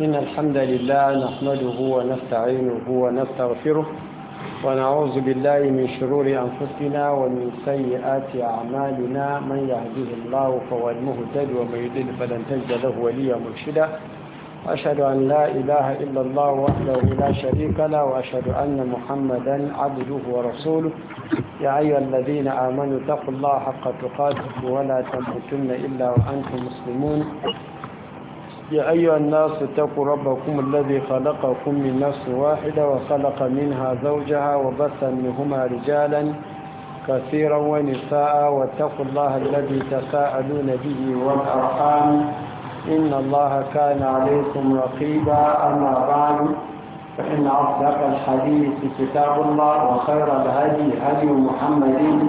إن الحمد لله نحمده ونستعينه ونستغفره ونعوذ بالله من شرور أنفسنا ومن سيئات أعمالنا من يهده الله فهو المهتد ومن يضلل فلن تجد له وليا مرشدا وأشهد أن لا إله إلا الله وحده لا شريك له وأشهد أن محمدا عبده ورسوله يا أيها الذين آمنوا اتقوا الله حق تقاته ولا تموتن إلا وأنتم مسلمون يا أيها الناس اتقوا ربكم الذي خلقكم من نفس واحدة وخلق منها زوجها وبث منهما رجالا كثيرا ونساء واتقوا الله الذي تساءلون به والأرحام إن الله كان عليكم رقيبا أما بعد فإن أصدق الحديث كتاب الله وخير الهدي هدي محمد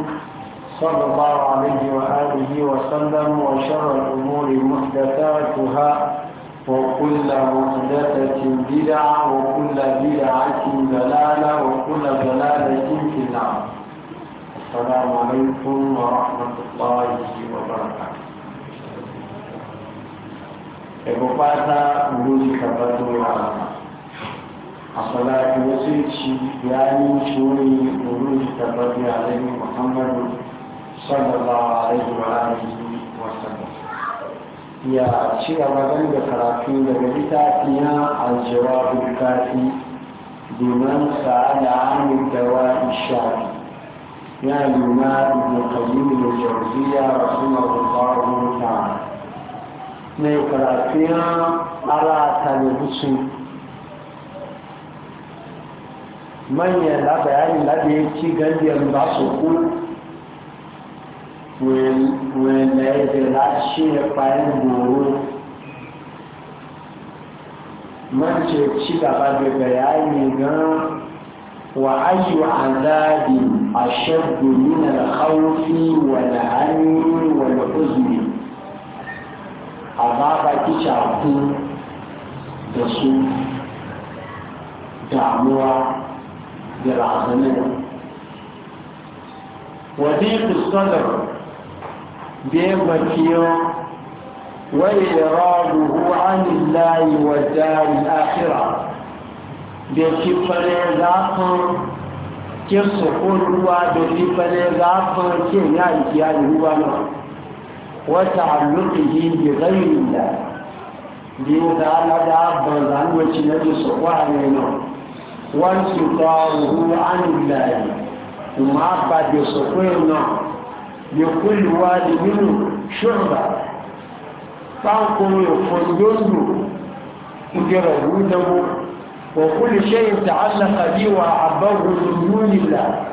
صلى الله عليه وآله وسلم وشر الأمور محدثاتها وكل محدثة بدعة وكل بدعة ضلالة وكل ضلالة في النار السلام عليكم ورحمة الله وبركاته Ekopata mbuzi kabatu wa asalatu wasici yani shuri mbuzi kabatu ya Nabi Muhammad sallallahu alaihi wa alihi wa sallam ya ci gaba da karatu daga littafi na aljawabin kafi domin sa'ada amin dawa ishafi ya nuna ibn qayyim da jawziya rahimahullahu ta'ala ne karatu ya ara ta da husu manyan da bayanin da ya ci gandiyar ba su ku wọ́n ẹ̀ẹ́dẹ̀ láti ci gaba da tí bàbá bẹ̀bẹ̀ ayé gan wà a àdáàdì àṣẹ́gbò nínà àwọ́fí wọ̀nà àárín wọ̀nà òzùlé àbábá kíkà kún da su damuwa da razanin wadí kùsọ́dọ̀rọ̀ بيغتيو وإراده عن الله والدار الآخرة بيكفر ذاكر كسقون هو بيكفر ذاكر كيان كيان هو نوع وتعلقه بغير الله بيزال دابا عن وجه نبي صلى وانتقاره عن الله وما بعد يسقون نوع لكل واد منه شعبة فانكم يفضلوا يجرونه وكل شيء تعلق به وعبره من دون الله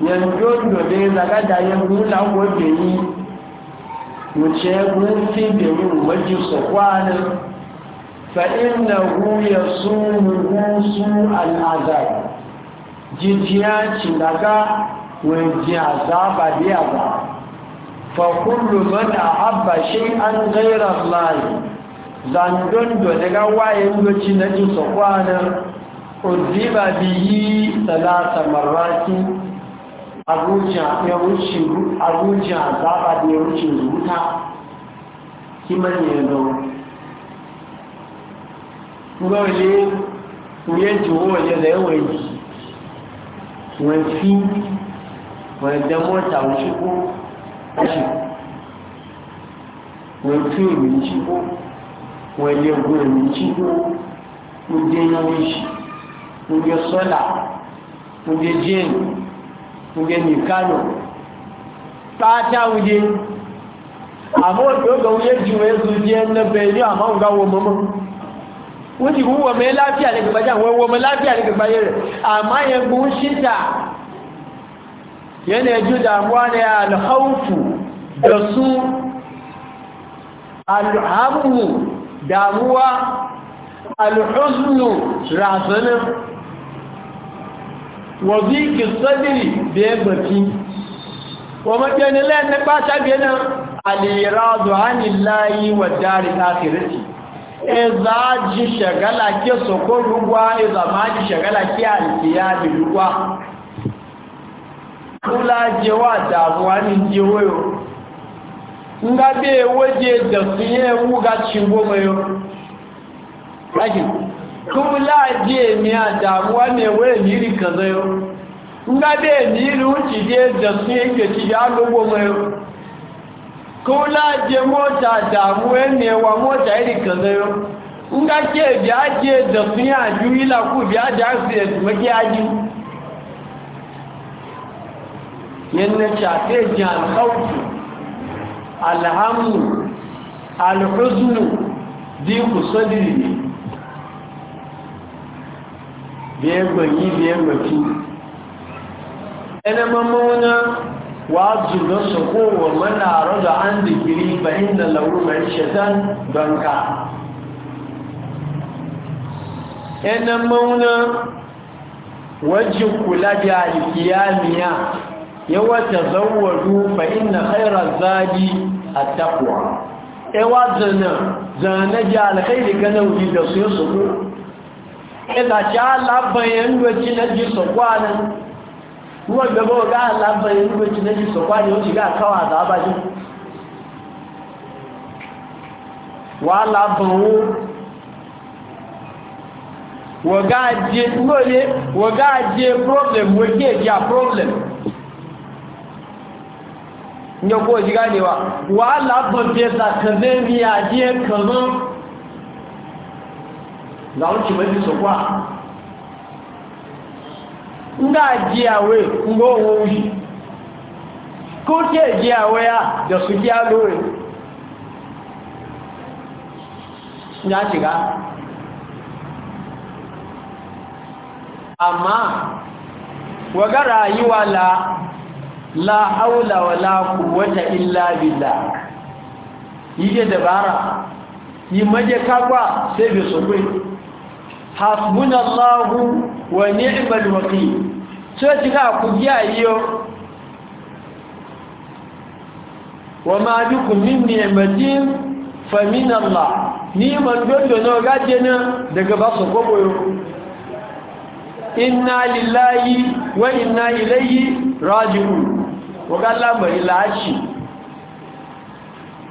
ينجون بين قد ينجون له بني وشيخون في بني ومجي صفوانا فإنه يصومه سوء العذاب جديات لك wajen azaba biya ba fa kullu man ahabba shay'an ghayra Allah zandon do daga wayen doci na ji sokwana uziba bihi salasa marrati abuja ya wuce abuja azaba da ya wuce zuta waje wanda mota wuce ko kashi wani fiye minci ko wani yagunan minci ko kunje yawon shi kunje sola kunje jin kunje nikano pata wuje àmọ́ òjò ga wuye ju ezu jẹ́ ẹnẹ́bẹ̀ ní àmọ́ òga wo mọ́mọ́ wọ́n ti wúwọ́ mẹ́ láfíà ní gbàgbáyé àwọn ẹwọ́ mẹ́ ṣíta yana ji damuwa ne alhaufu da su alhamu damuwa alhuznu razanin wazikin sadiri da ya bafi wa maɗani layan na ɓata biya nan aliradu hannun layi wa dari ɗafiriti e za ji shagala ke sokon ruwa iza e ma ji shagala ke alkiya da ruwa kula wa damuwa ni jewa wayo. nga be waje da fiye wuga cingo mayo laki kula je mi a damuwa ne waye niri kaza yo nga be niri wuci je da fiye ke ci ya gogo mayo kula je mota damuwa ne wa mota iri kaza yo nga ke biya je da fiye a juyi ku biya da su ya tumaki ajiyu ننه شاته جان خوف الهم الحزن ديك صدري بيبغي بيبغي انا ممونا واجي نسقو ومن اعرض عن ذكري فان لو ما الشيطان بنكا انا ممونا وجه كل جاهل قياميا yawa tazawwadu fa ina khayra zadi at-taqwa ewa zana zana ja alkhairi kana wuri da su su ku ila ja la bayan na ji su kwana ruwa ga la bayan na ji su kwana yau ga kawa da wa la wa ga je problem wa ga problem wa ke problem inda ko ji ganewa wa Allah ban fiye sakamakon miya je kamar ga wuce mafi sokwa nga jiyawe ngo wuyi ko ke jiyawe ya da su kiya lori ya shiga amma waga rayuwa la la haula wala quwwata illa billah yige dabara yi maje kagwa sai bi sokwe hasbunallahu wa ni'mal wakeel so ti ka ku ya yo wa ma bikum min ni'matin fa min Allah ni man dondo no gaje na daga ba so goboyo inna lillahi wa inna ilayhi raji'un waga lamari lashi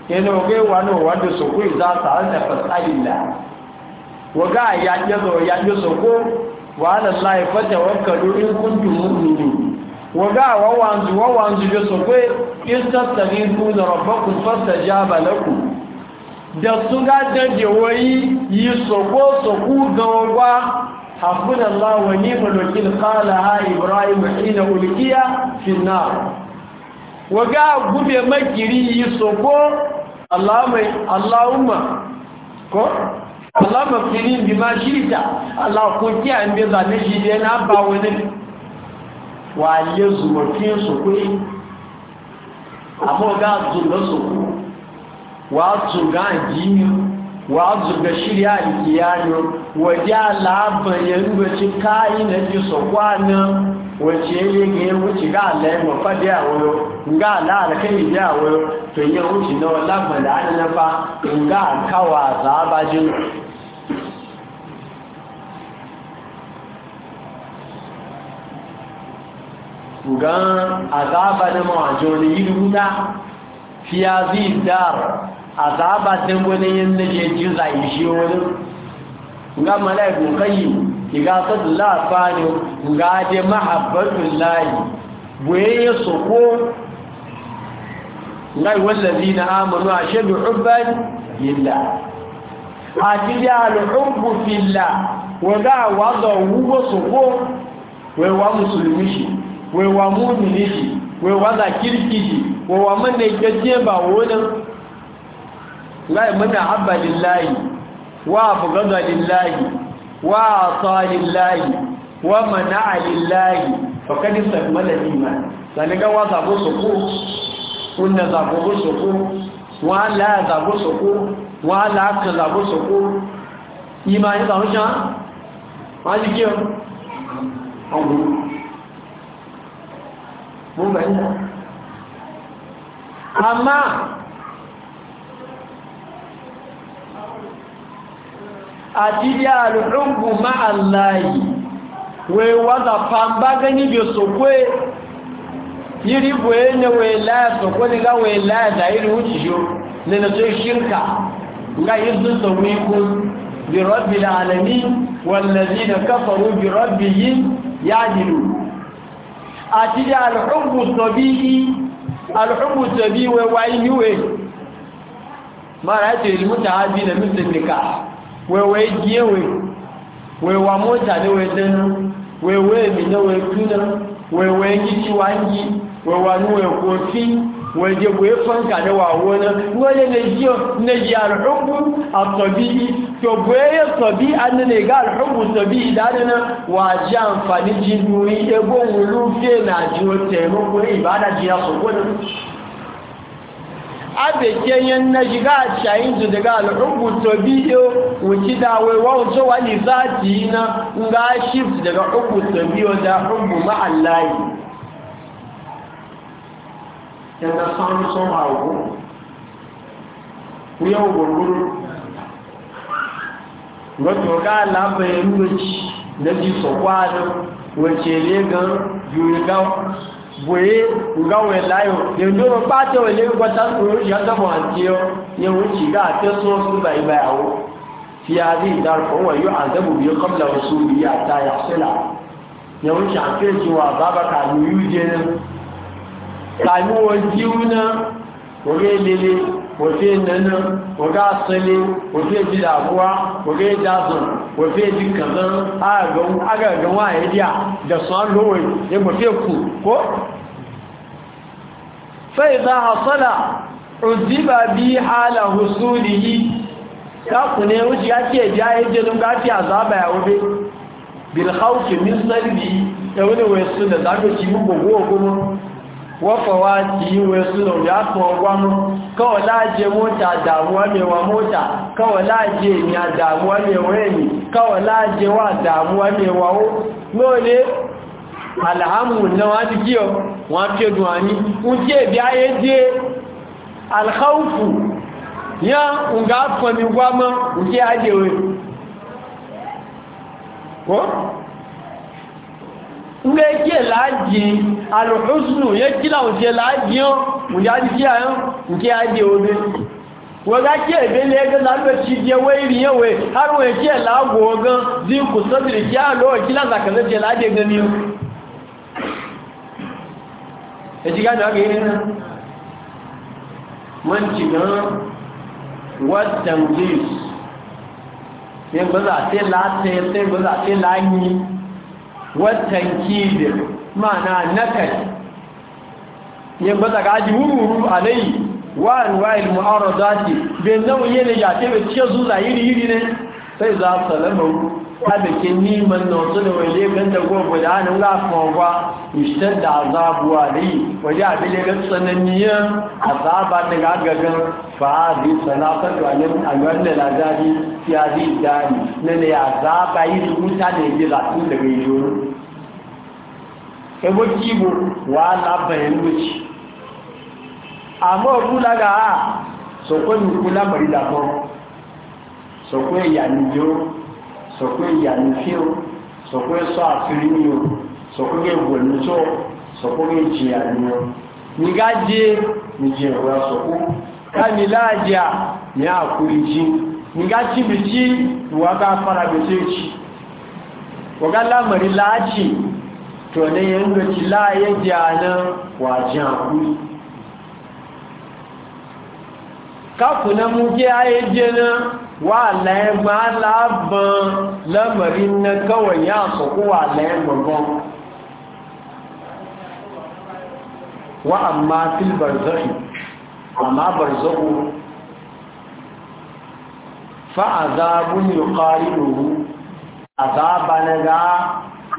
yana waga wani wadda soko za ta hanta fasalila waga a yaƙe zo yaƙe soko wa ala lai fata wakalu in kuntu mu'mini waga wawanzu wawanzu da soko in tattalinku da rabbakun fasta jaba lakum da waga gube makiri yi so ko allahumma ko allahumma firin bi ma shirita allah ko ki an be za ne shi dai na ba wani wa ye zuwa ki so ko amma ga zuwa so ko wa zuwa jini wa zuwa shirya alkiyano waje labarin rubuci kayi na ji so kwanan wacce ya yi ya wuce ga Allah ya mafa da yawo yau ga Allah alkai da yawo yau to ya wuce na wallan ba da an nafa in ga kawa za ba jin gan azaba na mawajo igasar lafani gaje mahabbatun layi buye soko ngai wallazi zina amanu a shaɗu hubban illa a jiya al'ubu filla wadda wadda wugo soko wewa musulmi shi wewa mumini shi wewa za kirki shi wa mana gajiye ba wona ngai mana habbalillahi lillahi wa abu lillahi وأعطى لله ومنع لله فقد استكمل الإيمان لأنك وضعوا سقوط قلنا ضعوا سقوط ولا ضعوا سقوط ولا ضعوا سقوط إيمان ضعوا شان ما ذكر أقول مو بعيدا أما àdídí àlùrùngbù máa láàyè wèwàdà pàmbá gẹ́ni bí sòkwé yìí bò é ní wèláyà sòkwé ní ká wèláyà dáìrí òjìṣò nínú tó ṣírkà nga yìí tún sọ̀wé kú bí rọ́bì lálẹ́mí wàlẹ́dí na káfàrú bí rọ́bì yìí yá nìlú wai mara da wewe jiewe wewa mota ne wedenu wewe mi ne wetuna wewe ngichi wangi wewa nu wekofi weje bwefanka ne wawona ngole ne jio ne ji alhubu atabii to bweye tabi tabi dadana waje amfani jinuri ebo wulu na jiwo temo ko ibada jiya so abeke kenyan na shayin su daga al'ubu to biyo wuci da waiwa za wani yi na nga shift daga ubu to biyo da ubu ma'allayi yadda sanu sun hagu yau gurguru wato ga labarin wuci da ji yuri gawa boye nga wo layo ye ndoro pate wo le ko tan ko ya ta mo antiyo ye wo ci ga te so su fi hadi dar ko wa yu'adabu bi qabla wasuliya ta yahsila ye wo ci an ke ji wa baba ka ni yuje ne ka ni wo jiuna wo ge lele wo fe nana wo ga sele wo fe ji da buwa wo ge da zo wo fe ji kan aga ga aga ga wa ya e dia da فإذا حصل عذب بي حال حصوله كاكوني وجي أكي جاي جنم كاتي عذاب يا وبي بالخوف من صلبي يوني ويسنة دعوة شمو بوغوكم wọ́fọ̀wá tí ìwé súnà ya fún ọgbámú kọ́wọ̀ láàájẹ alhamu na wọ́n ti kí ọ wọ́n kéèdùn àní ń kí èdè ayé dé alhaufu yán ǹgá fọmi wá mọ́ ń kí ajé rẹ̀ kọ́ ilé kí láàájì alùhúsùnù yẹ́ kí láwọn ṣe láàájì yán ǹjájí kí ń kí ajé rẹ̀ wọ́gá kí ẹ̀bẹ́ ní ẹgbẹ́ lábẹ́ ti wé ìrìyànwé harun ẹ̀kí ẹ̀ láàgbò ọgán dínkù sọ́bìrì kí á lọ́ọ̀ kí lásàkẹ́lẹ́ jẹ láàdé ni ẹjígájọ́ gẹ́ nínú wọ́n ti gan western jews ní gbọ́dọ̀ àti láti ní gbọ́dọ̀ àti láyé western kid a náà nẹ́kẹ̀ ní gbọ́dọ̀ gájí wúrúurú àlẹ́yìn wà ní wáìlì mọ́ ọ̀rọ̀ dáti bẹ̀ẹ̀ náà ne. sai za a salama ta da ke niman na wasu da waje ganda gobe da hannun gafin wa ishtar da azabuwa da yi waje abin da ga tsananiyar azaba daga agagan fa'adi sanatar ganin alwar da lazari ya zai dani na ne azaba yi rubuta da yake zafi daga yi yoro ebo kibo wa labayin wuce amma rula ga a sokon kula bari da kuma sọ pé ìyà ni yóò sọ pé ìyà ni fí o sọ o sọ pé gbogbo tó sọ pé kí jìyà ni o jẹ́ nìjẹ́ ìwé sọ pé káàmì láàjà ní àkúrí jí nígá tíbi tí ìwà bá fara gbèsè jì wọ́gá lámàrí láàjì tọ̀ ní yẹn ń gbèsè láàyè jẹ́ àná wà jẹ́ àkúrí káàkùn mú kí ayé jẹ́ náà wa layan ma laban lamarin na kawai ya soku wa layan babban wa amma fil barzakhi amma barzakhu fa azabun yuqaribuhu azaba na ga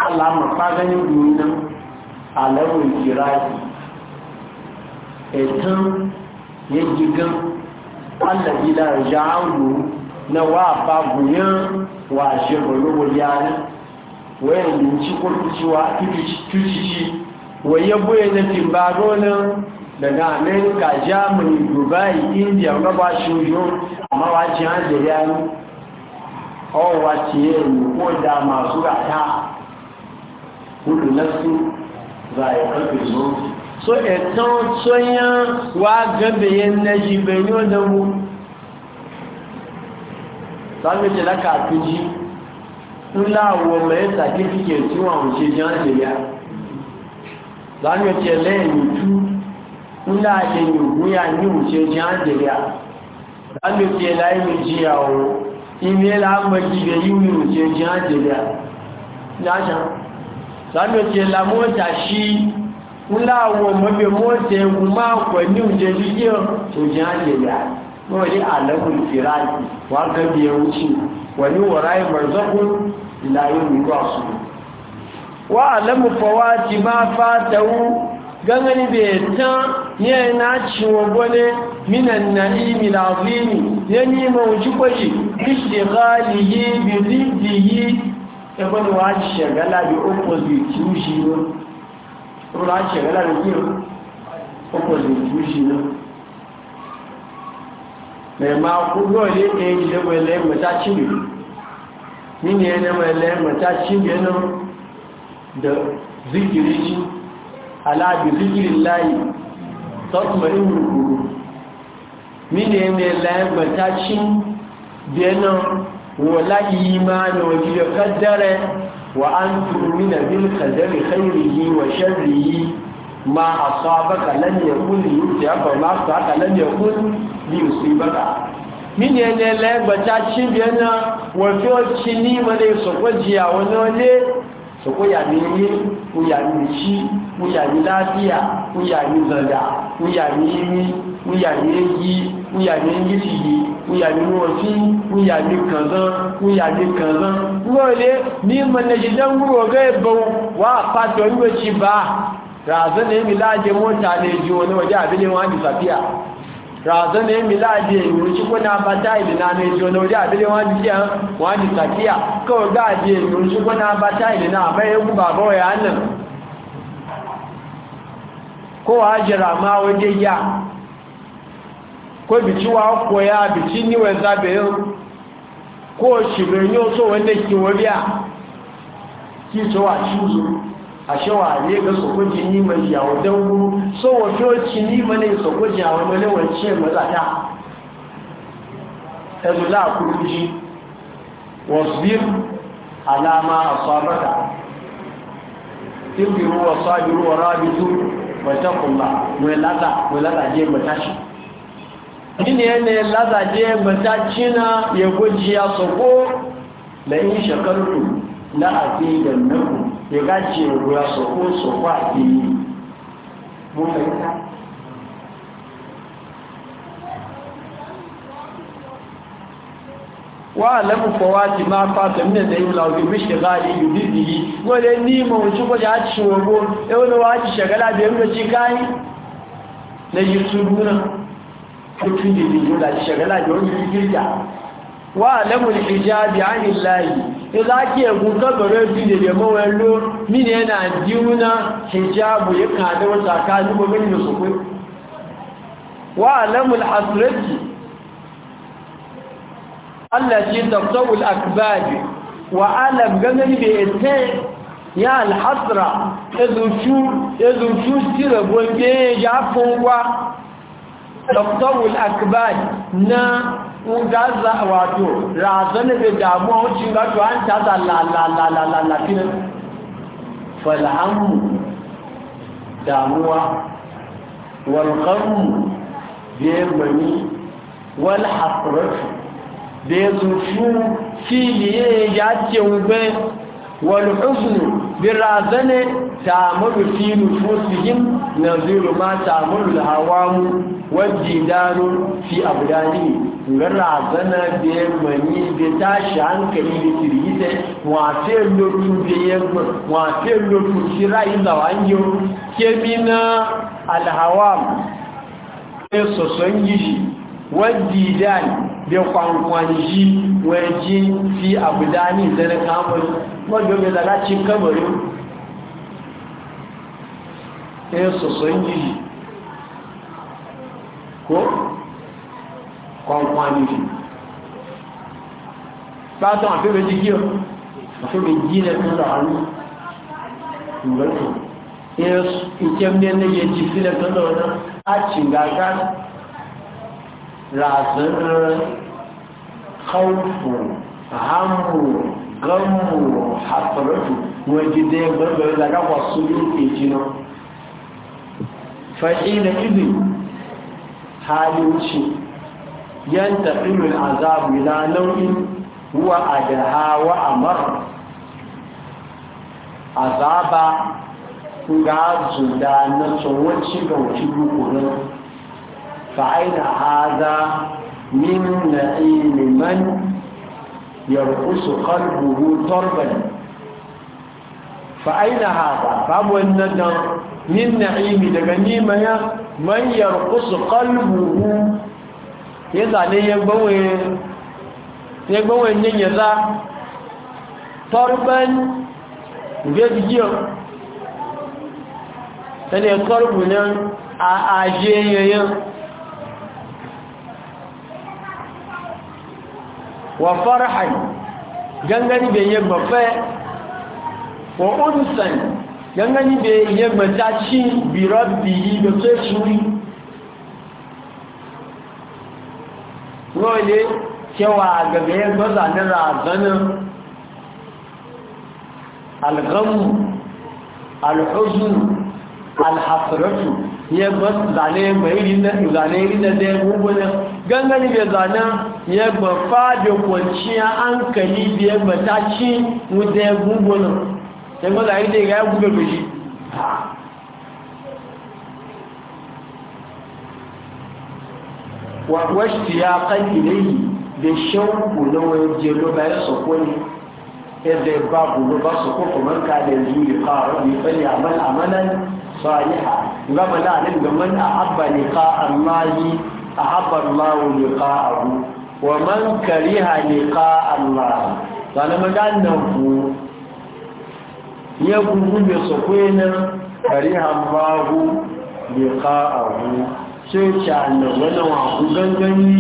Allah ma fagani duniya alawul kirai etan yajigan Allah ila ja'alu na wa ba guyan wa shi bolo yani waye ni ci ko ci wa ki ci ci waye boye na timbaro nan daga amerika germany dubai india ga ba shujo amma wa ci an da yani o wa ci ne ko da masu gata kullu nafsu zai kalbi zo so etan soyan wa gabe yan naji benyo da mu sáwọn ìjẹ lákàtú jí ńlá àwọn ọmọ ẹ̀ sàkífìkẹ̀ tí wọ́n àwọn ṣe jẹ́ ṣe yá sáwọn ìjẹ lẹ́yìn tú ńlá àyẹ̀yìn ògùn yà ní òṣè jẹ́ ṣe yá sáwọn ìjẹ láyé jí àwọ̀ ilé láàmọ̀ jíbe yíò ní òṣè jẹ́ ṣe yá láṣà sáwọn ìjẹ lámọ́ta àwọn ọmọ ẹgbẹ̀ mọ́ta ẹgbùn ní òṣè jẹ́ ṣe yá wani alamun firaki wanda biya wuce wani warayi marzakun ilayen ruwa su wa alamun fawaci ma fatawu gangani bai ta yi na ciwo gwane minan na'imi lafini ya nima wuce kwaji ishe galihi bi zidihi ya bani wa shagala bi opposite yushi ne? Rura shagala bi opposite yushi ne? mẹ̀má kúrò lé èyí lẹ́wọ̀ ẹlẹ́mẹ̀ta chíbi nínú ẹlẹ́wọ̀ ẹlẹ́mẹ̀ta chíbi ẹnu da zikiri shi alábi zikirin láyé tọ́tùmọ̀rí wùrùkùrù nínú ẹlẹ́mẹ̀ta chíbi ẹnu wọ láyé máa ní ọjọ́ kádẹ́rẹ wa an turu nínú bí kàdẹ́rẹ̀ wa ma asabaka lam yakun li yusibaka wa ma asabaka lam yakun li yusibaka mini ene lẹgbẹ tí a ti bí ẹna wọ́n tí ó ti ní ìmọ̀lẹ̀ ìsọ̀kọ́ jí àwọn náà lé sọ̀kọ́ yà ní ilé ó yà ní ìṣí ó yà ní láàbíà ó yà ní zọ̀dà ó yà ní imí ó yà ní èyí ó yà ní ìyíṣìyí ó yà ní wọ́sí ó yà ní kànzán ó yà ní kànzán wọ́n lé ní ìmọ̀lẹ̀ ìṣẹ̀dẹ́gbùrọ̀ ọ̀gá ìbọn wà pàtó ìwé ti bá razan ne milaje mota ne ji wani waje abin wani safiya razan ne milaje yuruci kuna bata ilina ne ji wani waje abin wani jiya wani safiya kawai ga abiye yuruci kuna bata ilina mai yanku baba wa yanan ko hajjira ma waje ya ko bici wa koya bici niwon zabeyin ko shirin yau so wanda ke wabiya ki cewa shi zuwa a shawa ne ga su ni mai yawo dangu so wa shoci ni mai su kuji wani mai wance maza ta azu la ku wasu wasbir alama ma asabaka tibiru wa sabiru wa rabitu wa taqulla wa lada wa lada je mutashi dini ne lada je mutashi na ya guji ya so ko na in shakartu la azidannakum ya gaji ya soko soko a biyu mun fahimta wa alamu fawati ma fata min da yula bi bishghali yudihi wala ni mo chuko ja chugo e wala wa ji shagala be mu ci kai na yusubuna kutun di di da shagala da wani kirja wa alamu al hijabi zaki ya kuka gare shi da yamma wallo mini yana jiuna hijabu ya kada wata kaji ba mini su ku wa alamul Allah allati taqtawul akbad wa alam ganin ya ce ya alhasra ezuchu ezuchu tira gonge ya fungwa taqtawul akbad na ngaza wato razana da damuwa wucin gato an ta da la la la la la la fil falhamu damuwa wal ghamu bi mani wal hasrat bi zufu fili eh, ya ce ube والحزن birazana ta في نفوسهم نظير ما تعمل الهوام والجدال في أبدانهم razana da ya mani da tashi hankali da kirgita wafe lotu da ya wafe lotu shi ra'ayi da wanyo kemina alhawam ya e soson gishi wajidan da kwankwanji wajen fi abu dani zane kamun mọ́jọ́ mi dàda tí kẹ́mọ̀rí ẹ sọ̀sọ̀ ń yìí kó kọ̀ǹkan yìí pátán àfẹ́fẹ́ ti kí ọ àfẹ́fẹ́ yìí lẹ́ fún sàárù ìgbẹ́tọ̀ ìjẹ́mí ẹni yẹ ti sílẹ̀ tọ́lọ̀ náà á ti gàgá ràzẹ́rẹ́ kọ́ọ̀fù àhámù gamuru hasratu wajide barbar daga wasu yake jina fa'ila izi halinci yan tafimin azabu ila nau'in huwa a daha wa amar azaba ga zuda na tsohon ga wuce rukunan fa'ina haza min na'imin man yarkusu kalbuhu tarban fa aina hada babu wannan nan min na'imi daga nima ya man yarkusu kalbuhu ya zane ya gbawai ya gbawai za tarban zai giyar ta ne karbunan a ajiyayyayin wa farhan gangani be yegba fe wa unsan gangani be yegba tachi bi rabbi be tsuri role cewa ga be yegba zanira zanin alghamu alhuzn alhasratu yegba zane mai rina zane rina da gugunan gangani be zanen ya fa da kwanciya an kali biyar ci wuta ya gungunan sai maza yi da ya gube Wa wasu ya kan ilayi da shauku na wani jelo ya sako ne yadda ya ba gudu ba su ko kuma ka da zuri ƙarar mai fari amal amalan saliha gama na nan gaman a ka liƙa yi a habba allahu liƙa abu wa man kariha liqa Allah sana magana ku ya gugu be so kwena kariha Allahu liqa Allahu sai cha na wala wa ku gangani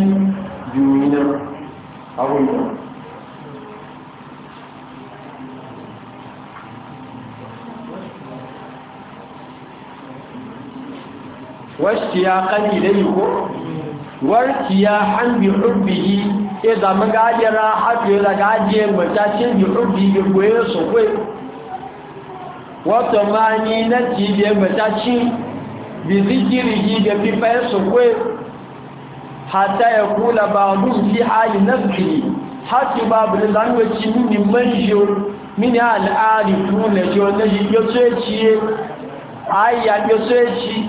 duniya abun wasu ya kan ilai ko warkiya an bi hubbihi e da magajira hafi da gaje mutacin bi hubbihi goye su kwe wato mani na cibiyar mutacin bi zikirihi da fifayen su kwe hata ya kula ba mun fi hali nafsi hati babu da zanuwa ci mini manjo mini al'ari tuna jo na shi yoso ciye ayya yoso ci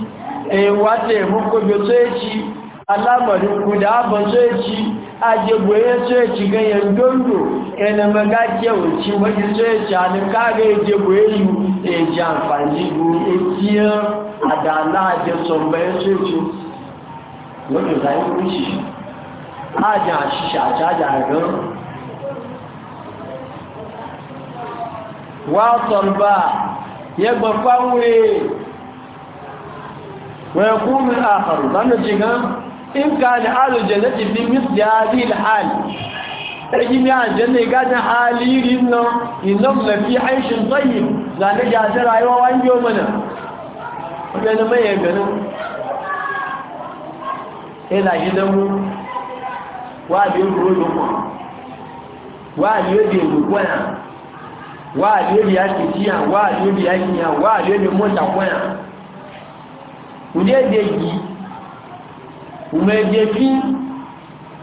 e wata ya muku yoso ci al'amarin guda ba soyaci a jeboye soyaci ganyen dondo yana magajiya wuce wajen soyaci a nuka ga ya jeboye yi ya ji amfani bu ekiyar adana a jeson bayan soyaci wani zai kunshi a ji a shi shaja jagen wasan ba ya gbafan wee wee kuma akharu zanen jigan in ka ni halu jannati bi misli hadhihi al-hal ẹgbẹ́ ni àjẹ́lẹ̀ ìgájẹ́ àlìrí iná ìlọ́gbẹ̀ fi àìṣin tọ́yì lálẹ́jà àtẹ́ra ayọ́ wá ń yóò mọ̀nà ọgbẹ́ni mẹ́yẹ gẹ̀rẹ́ ẹlà ìdẹ́mú wà ní orúurú lọ́pọ̀ wà ní orí olùkọ́yà wà ní orí akìtíyà wà ní orí akìyà wà ní orí mọ́tàkọ́yà umejefi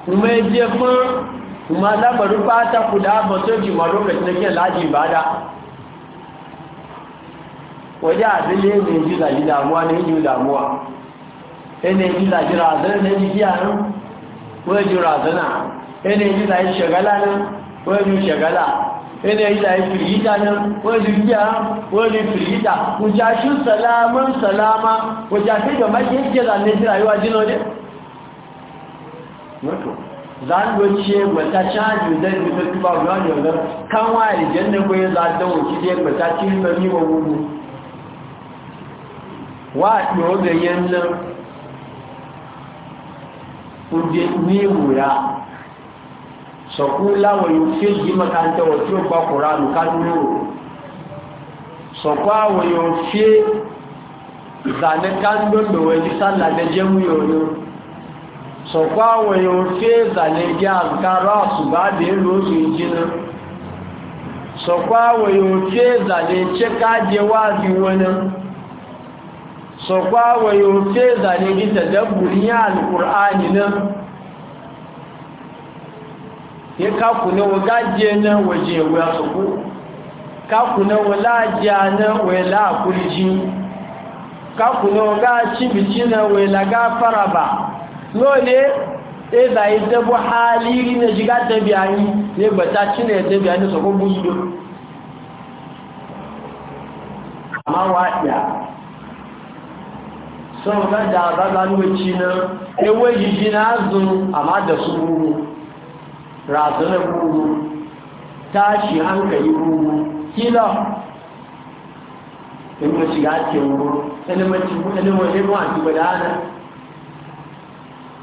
umejefin kuma labarin fata ku da abasoji maroka cikin laji bada waje abile ne ji zaji damuwa ne ji damuwa ene ji zaji razana ne ji kiyayen waje razana ene ji zaji shagala ne waje shagala ẹni ẹ̀yí láì fìrìyíta ní wọ́n lè rí àá wọ́n lè fìrìyíta kò jà ṣú sàlámọ́ sàlámá kò jà sí ìjọba ṣe ń jẹ́ wato zango ce wata caji zai zuba tuba ruwan yanzu kan wa ijen da kwaye za ta wuce zai kwata cikin mami wa wuru wa ɗoro ga yanzu kuje ni wura sọkúlá wọ̀nyí tí ó yí makanta wọ̀ tí ó gbá kòránù kánúrò sọkọ́ àwọ̀nyí tí ìzànẹ́kánúrò lòwẹ̀ ní sálàdẹ́jẹ́ mú yóò sọ̀pá àwọn èèyàn fi ìzàlẹ̀gẹ́ àǹkárá àṣùgbádé lóòsù ìjìnà sọ̀pá àwọn èèyàn fi ìzàlẹ̀ chékájẹ wáàdí wọnà sọ̀pá àwọn èèyàn fi ìzàlẹ̀gẹ́ tẹ̀dẹ̀bùrí alìkùránì náà ya kakuna wa waje ya soko kakuna wa wela kurji kakuna wa gaci na wela gafara dole e e sai e da yi dabo haliri na shiga ta biyani ne ba ta cina ya ta biyani su kuma buzo amma waɗiya sun ga da ba za mu ci na ewe jiji na azun amma da su ruru razana ruru tashi hankali ruru kila in ma shiga ke ruru ilimin ilimin ilimin a duba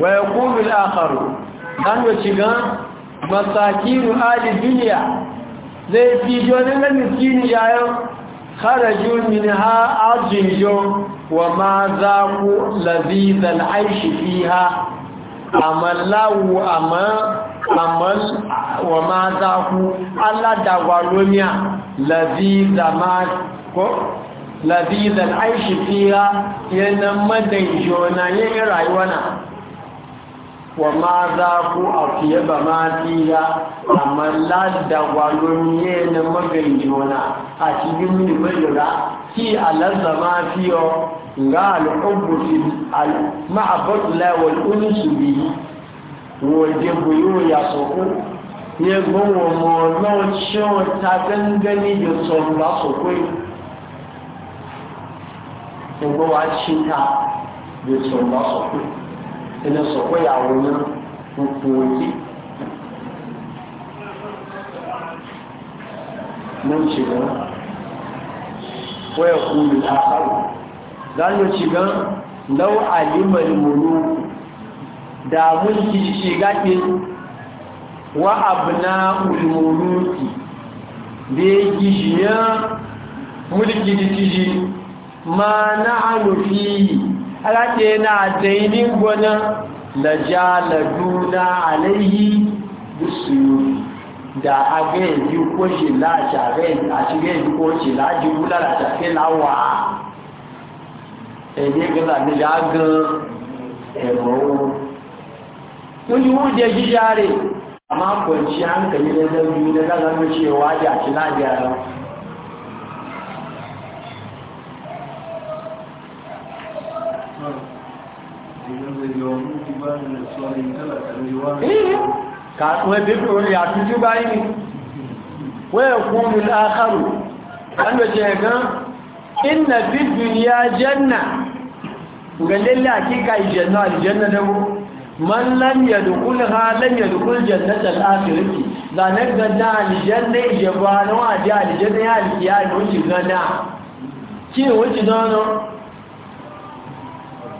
ويقول الآخر أن وشيغان مساكين اهل الدنيا زي في جون المسكين جايو خرجوا منها عجيجو وما ذاقوا لذيذ العيش فيها أما الله أما أما وما ذاقوا ألا دوالونيا لذيذ ما لذيذ العيش فيها ينمدن جونا يرعيونا wa ma za ku a fiye ba ma fiya amma ladda gwalon na magayi wana a cikin mini bayyana ki alansa ma fiyo ga al'ubusin ma'abatula wal unisu biyu waje buyo ya soko ya gbanwa mọ̀lọ́ ciwon ta gangani da tsoron ba soko ya gbanwa cinta da tsoron ba soko ẹni sọ̀kọ́ ìyàwó yẹn tuntun òjì ló ń ṣe gan wọ́n ẹ̀kú lè àkàrò láàrín ṣe gan lọ́wọ́ àlímọ̀ ìmòlò dààmú ti ṣe gáte wá àbùná ìmòlò ti bí gíjì yẹn múlìkì ti ti ma na alo fíyìí alaƙe na dainin gwana da jaladuna alaihi bisiyo da agaji ko shi láti agaji ko shi láti wúlá láti fi láwà ẹ̀yẹ́ gẹ́gẹ́ ní ṣáàgán ẹ̀rọ ohun tó ní wọ́n jẹ jíjá rẹ̀ a máa pọ̀ sí àǹkà nílẹ̀ lẹ́gbẹ̀ẹ́ lẹ́gbẹ̀ẹ́ lẹ́gbẹ̀ẹ́ kàtùwẹ́ bíbí orí àtújú báyìí ni wẹ́ẹ̀ fún mi láàkàrù alójẹ gan inna fi duniya janna ga lalle hakika janna aljanna da mu man lam yadkhul ha lam yadkhul jannata al-akhirati da ne ga da aljanna ya ba na wa da aljanna ya alkiyar wuce gana ki wuce gana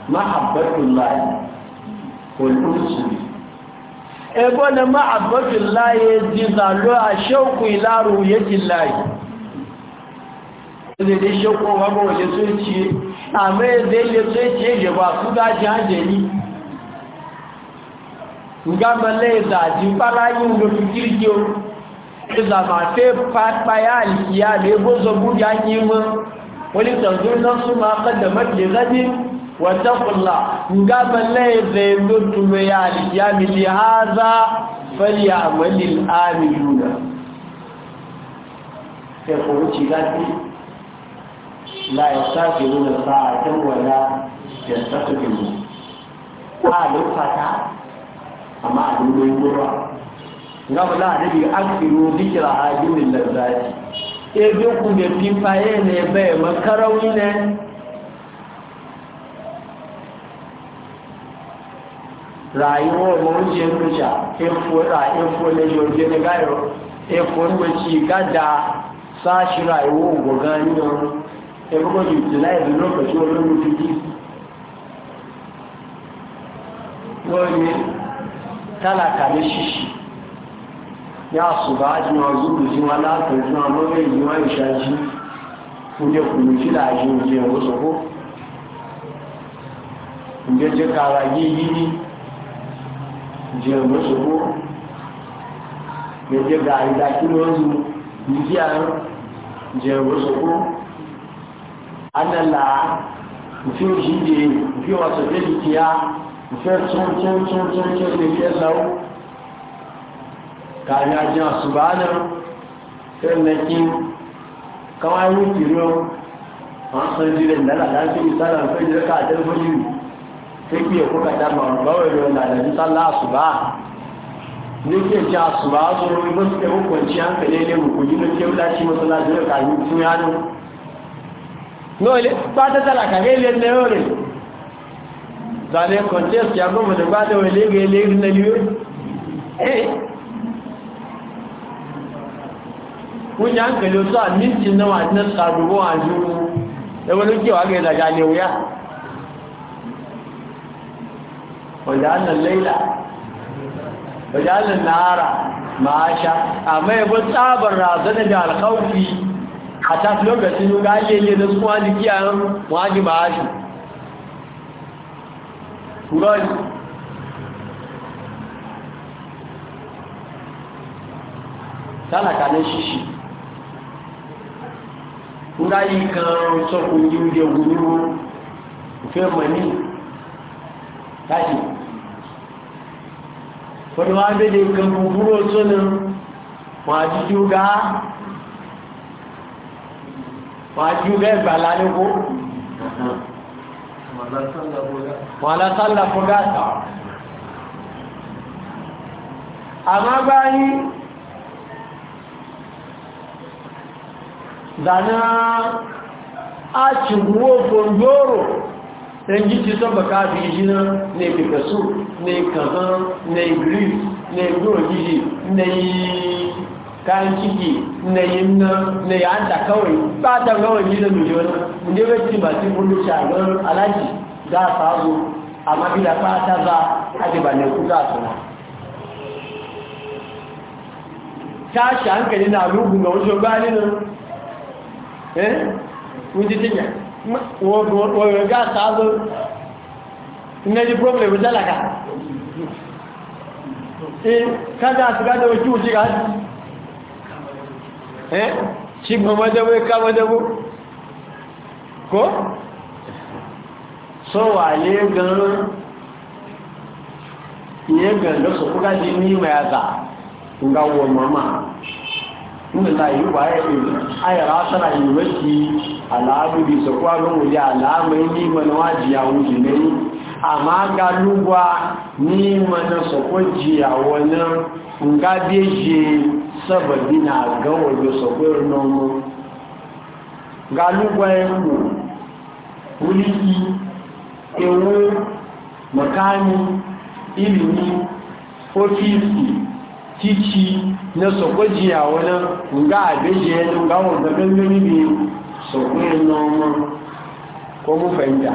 mahabbatullah wal usuli ebo na mahabbatullah jizalo ashauku ila ruhiyatillah ne dai shauku wa ba waje soci amma dai le soci je ba ku ga janje ni ngama leza jipalayi ndo fikirikyo za ma te pa ya alkiya ne bozo buja nyima wani tanzo nan su ma kaddamar da gadi wataƙulla ga balle zai lutulo ya alkiyami li haza fali amalil amiluna sai kuma ci gafi la ya safi nuna sa'atan wala ya safi a lufata amma a dubbai gurwa ga bala a dabi aksiru zikira hajjimin lazzati ebe ku fifaye ne bai makarau ne rayuwar mawuce nuca efo da efo na jorge na gairo efo nwaci gada sashi rayuwar gogani da wani efo utilize lokaci wani mutuki wani talaka shishi ya su ba ji zuru ji mawai ji ji wasu ko yi jẹun lóṣogbo gbèdé ga ìdá kí ló ń lu ìdí àrùn jẹun lóṣogbo anala òfin òṣìṣẹ́ òfin ọ̀sẹ̀ tẹ́lẹ̀ kíá òfin tún tún tún tún tún lè fẹ́ lọ́wọ́ kàrí ajé àṣùgbà náà fẹ́ mẹ́kí káwọn ẹrú kìrìọ́ wọ́n sọ ìdílé ìdálàdá sí ìsára fẹ́ jẹ́ káàtẹ́ fún yìí sai ya kuka da mambawar yau da da sallah asuba ne ke ji asuba su ruwa masu da hukunci hankali ne mu kuji na ke wulaci masu na jira kayi sun yano nole ba ta talaka ne le ne yore da ne contest ya goma da ba da wale ga le na liyo eh kun hankali su a mintin na wajen saduwa a juru da wani kewa ga yadda gane wuya wajen laila wajen nara ma'asha amma yabo tsabar razana da alkawfi a ta lokacin yau gajiyayye na su wani kiyayen wani ma'ashi turani tánàkàlẹ̀ ṣíṣì ń ráyí kan sọ́kùn yíò yẹ̀ wúrú òfin tashi wani wanda ne kan kuro sunan masu juga masu juga ya bala ne ko wala tsallafu gasa amma bayi zana a cikin wofin doro ẹnjí ti sọ́bọ̀ káàkiri jíná ní pẹ̀pẹ̀sù ní kànán ní greece ní gbòòjìjì ní káńkìkì ní iná ní àdàkọ́wé pàtàkọ́wé jíná lòjọ́ náà tí bà tí kúrò ṣàgbọ́n alájì gáàfàáwò wọ̀nyọ̀ gá sáàbọ̀ ìnẹ́jì problem jálàkà kájá àti kájá ojú òjì rá sí ẹ́ ṣígbọ̀n mọ́jẹ́wó ká kó sọ́wà lé gan-an gan ní ìmọ̀ ẹ̀zà nga wọ̀ mọ́mà nígbàtà ìwà ẹ̀yẹ̀ ayẹ̀rẹ̀ asọ́rà alamu bi sokwa lo ya alamu ni mana waji ya wuji ne amma ga ni mana sokwa ji ya wona nga deje sababi na ga wo sokwa na mo ga lugwa emu uliki ewu makani ilimi ofisi titi na sokwa ji ya nga abeje ga wo ga so kuɗin noma ko mun fahimta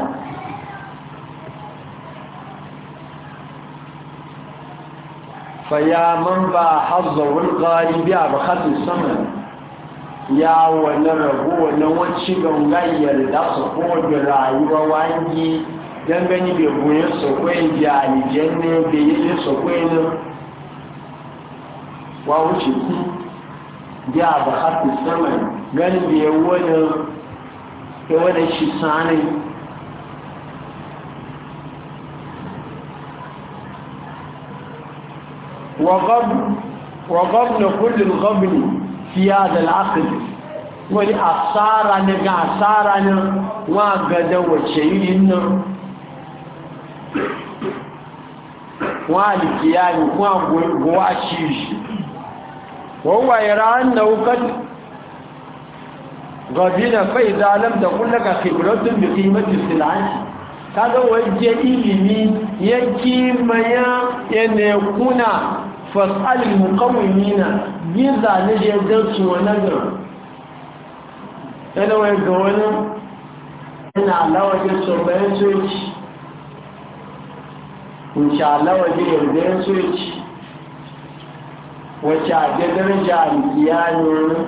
faya man ba harzawar ƙari biya bukatun saman ya wani rabu wani wancin gangayyar da su kowace rayuwa wani don gani bai goye sokwai da alijiyar ne bai yi sokwai ne wa wuce ku biya bukatun saman gani bai wani يولي شيطاني وغبن وغبن كل الغبن في هذا العقد والأصارة نقع أصارة وقد وشيئنا والكيان وقواشيش وهو يرى أنه قد gadina fai zalam da kullaka khibratun bi qimati silati kaga waje ilimi yake maya yana kuna fasal muqawmina giza ne je da su wannan ga yana wai ga wani ina lawaje so bayan soci insha Allah waje yarda soci wacce a ga daraja alƙiyani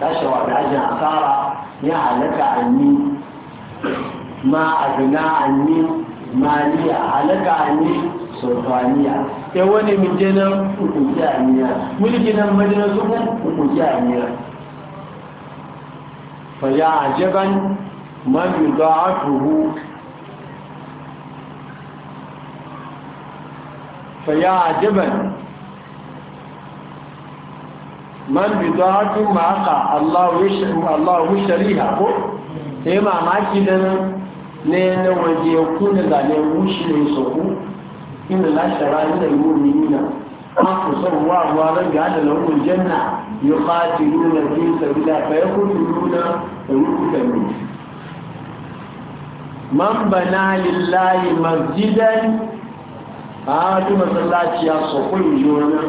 تشرع بأجل عصارة يا لك عني ما أغنى عني ما لي لك عني سلطانية يواني من جنم جامية من جنم مجنة سلطان جامية فيا عجبا من يضاعفه فيا عجبا من بضاعه ما قا الله وش الله وشريها كو هي ما ما كده نين وجي يكون لا يوش لي سوكو ان لا شرا ان المؤمنين ما قصوا وعلى قال لهم الجنه يقاتلون في سبيل الله فيقتلون ويقتلون من بنى لله مسجدا هذه مسلاتي يا سوكو يجونا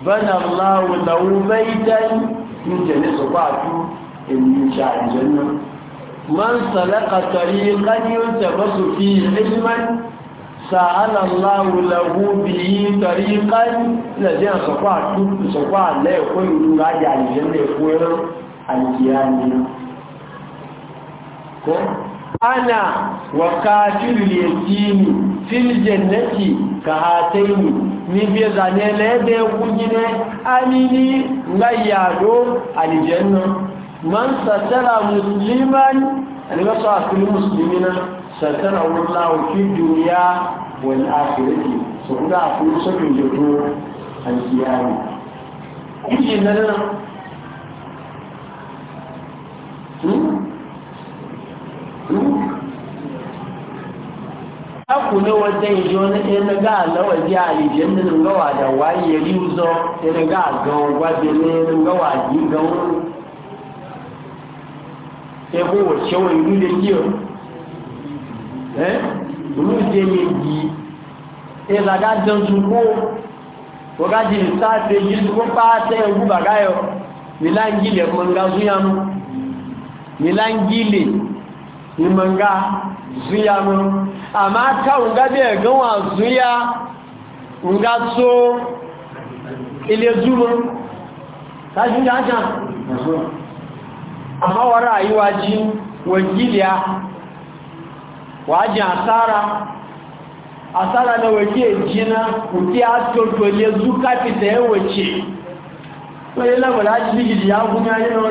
bana allahu lahu baitan yujlisu ba'du in sha aljanna man salaka tariqan yuntabasu fihi ilman sa'ala allahu lahu bihi tariqan la so safa tu safa le ko yuru ga ya aljanna ko aljanna ko ana wa katil yatimi fil jannati ka hataini ni bi zane na yadda le de kujine anini ngayado aljanna man satara musliman alga sa fil muslimina satara wallahu fi dunya wal akhirati so da ku so bin jodo alkiyami kujina nan aku na wata yi na ina ga lawa ji alijen na ngawa da waye yari uzo ina ga ga wabe ne ngawa ji ga wani ebo wace wa yi nule kiyo eh nule je ne ji e la ga don ju ko o ga ji sa te ji ko pa te u ba ga yo milangile mo nga zuyamu neman zuya mun amma ta ụga ganwa zuya ụga so ile zumun amma wara rayuwa wakiliya wajen asara asara na wake jina kuke asoto ile zuka fita yawace ya na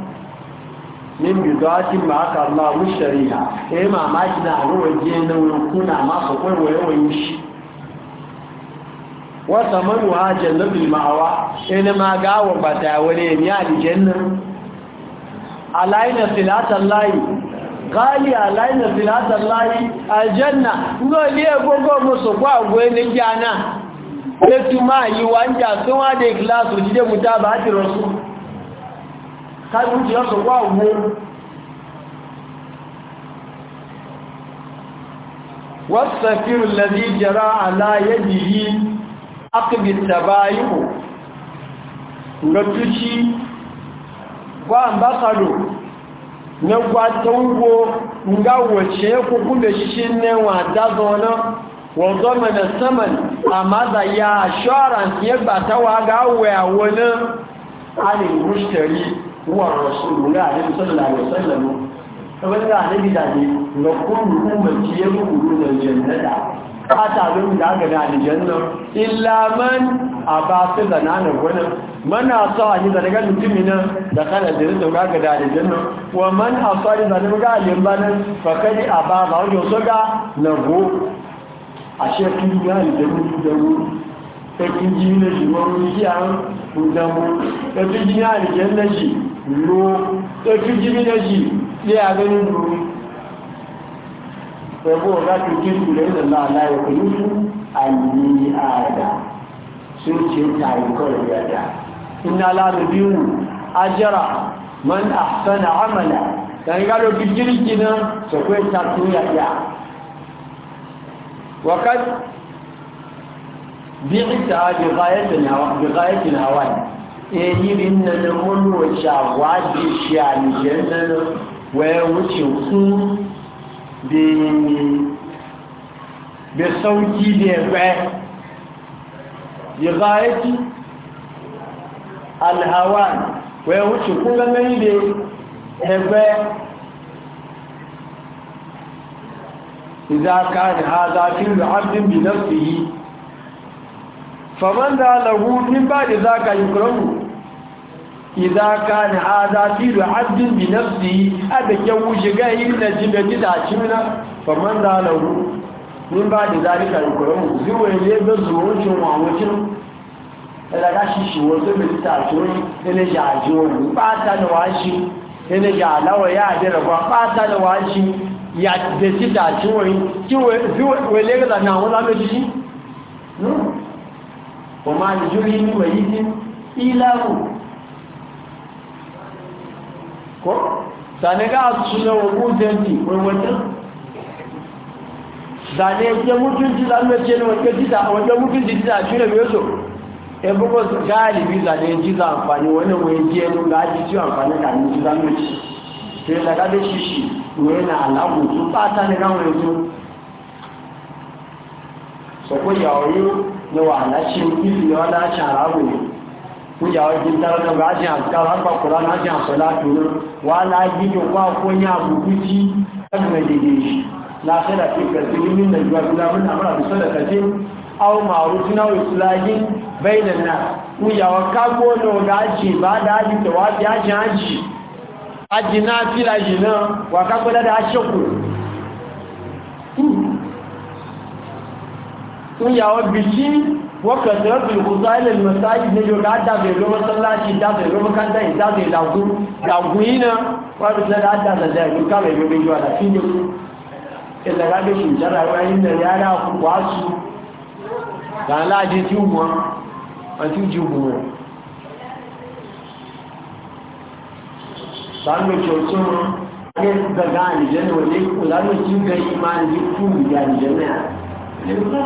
min bidati ma aka Allah mu shari'a eh mamaki da ga waje na kuna eh, ma ko kai waye waye shi wa saman wa jannatul ma'awa ina ma ga wa bata wani ne aljanna alaina silatan layi qali alaina silatan layi aljanna ngo le gogo musu kwa gwe ne jana etu ma yi wanja sun wa da ikhlasu jide mutaba ati káàkiri ń jẹ́ ọ̀sọ̀ wà wo wọ́n sàfihàn lẹ́bí jẹ́ra aláyé yìí akìbì tàbá yíò ga tuci gwa ambasado na gwa tango nga wace ku kuma ne wa wọ́n saman a maza ya assurance ya gbata wa ga huwa rasulullah alaihi sallallahu alaihi wasallam kamar da annabi da ne ga kullu ummati yadkhuluna aljannata fata don da aka da aljanna illa man aba fi zananan wannan mana sa ni da daga mutumin nan ga da aljanna wa man asari ba wajen so ga nago a shekin ga aljanna da ta kinji ne shi wani kiyan dúró ojú jí méjèèjì lé abẹ́ ní dúró pẹ̀lú ọ̀gá tó kí ìpìlẹ̀ ìdọ̀lá aláyọ̀ pẹ̀lú fún àmì àdá tí ó ṣe ta ìkọ́ ìrìn àdá iná aláàbò bí wù ajẹ́ra man àfẹ́nà àmàlà kàríkà ló jíríjì náà sọ̀kọ́ ìta yàyà wákàtí bí ìta bí èyí nà ní múlò ṣàwádìí ṣe àyíjẹ́ nínú wẹ́wọ́ ti kún ya sọ́wọ́kí bí ẹgbẹ́ yìí ẹ̀kí alhawan wẹ́wọ́ ti kún da ya ẹgbẹ́ ìzáka ni ha zafi rẹ̀ abin bí náà da yí fàmọ́ndà lọ́wọ́ za ka yi kúrọ̀mù iza ka kana hada tilu abdin bi nafsi abake wuce ga inda na ji da cimina faman da lahu min ba da zalika alquran zuwa ne ga zuwancin wawucin da ga shi shi wato bi ta tori ne ja jiwo ba ta da washi na ja lawa ya da ba ba ta da washi ya da ci da ciwo ciwo zuwa ne ga na wala ne shi no kuma yuri ni mai yi ilahu zane ga su na wago janji wani zane ya mutunci zanen ce ne wajen jita a wajen mutunci jita a shirin yoso ebukos galibi zane jiza amfani wani wani jenu ga aji ciwo amfani ni jiza na alamu su fata ne ran yanzu so ko yawo na wahala shi ifi kúyàwó jí dáradọ̀ bá ṣe àtàrà pàkùrá náà ṣe àpẹ̀lá tòrò wà láàájí yóò wá kóyá àbùkú tí ẹgbùn èdèdè láàṣẹ́dà ti pẹ̀sí nínú nàìjíríà gúdábùn àmàrà bí sọ́dà kàtí àwọn màrú tí náà ìsìláyí bẹ́ẹ̀dẹ̀ náà kúyàwó kágbó náà gáàjì bá dáàjì tẹ̀wá bí ájì ájì ájì náà fíra yìí náà wà وكثرة الوسائل المساجد نجو قاعد دابي لو مسلاشي دابي لو مكانتا دابي داغو داغوينا وابتلا قاعد دابي دابي كامل يجو بيجو على فيديو إلا قاعد شمسارة وإن ريانا واسو كان لا جيتيو ما أتيو جيبو sáàmì tuntun ní gbẹ̀gbẹ̀ àìjẹ́ ní olè kú lánàá tí ó gẹ ìmáà ní kú ìyá àìjẹ́ náà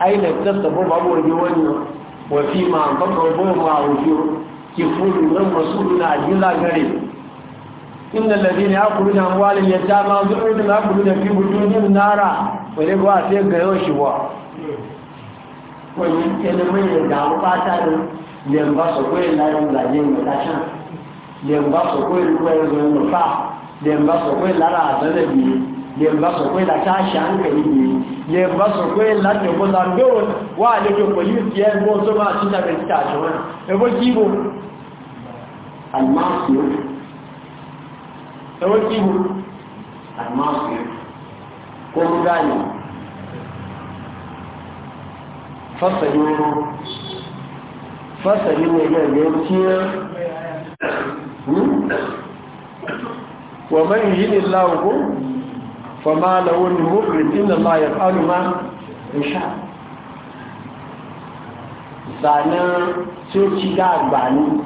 aina ya tsasta ko babu wani wani wa fi ma an fata wa boye ma a ki furu nan masu na ajiyar gare inda lalle ne aku ruda walin ya ta ma zuwa yadda na aku ruda fi gudunin nara wani ba sai ga yau shi ba wani yana mai da damu fata da yan ba su koyi na yin zagen mai dashen yan ba su koyi ruwa yin zuwa yin mafa yan ba su koyi lara a zanen biyu yan ba su koyi da ta shi hankali biyu yẹ bá sọ pé láti ọ̀pọ̀lá gbóòn wà àlejò pẹ̀lú ti ẹgbọ́n tó máa títà rẹ̀ títà àjọ̀rán ẹgbọ́ kíbo almasir kó ń gáyì fásẹ̀lú ẹgbẹ́ ẹgbẹ́ tí ó wọ́n mẹ́rin yìí ni láwọ́ fama da wani mukrid inda ma ya faru ma ya sha zanen coci ga agbani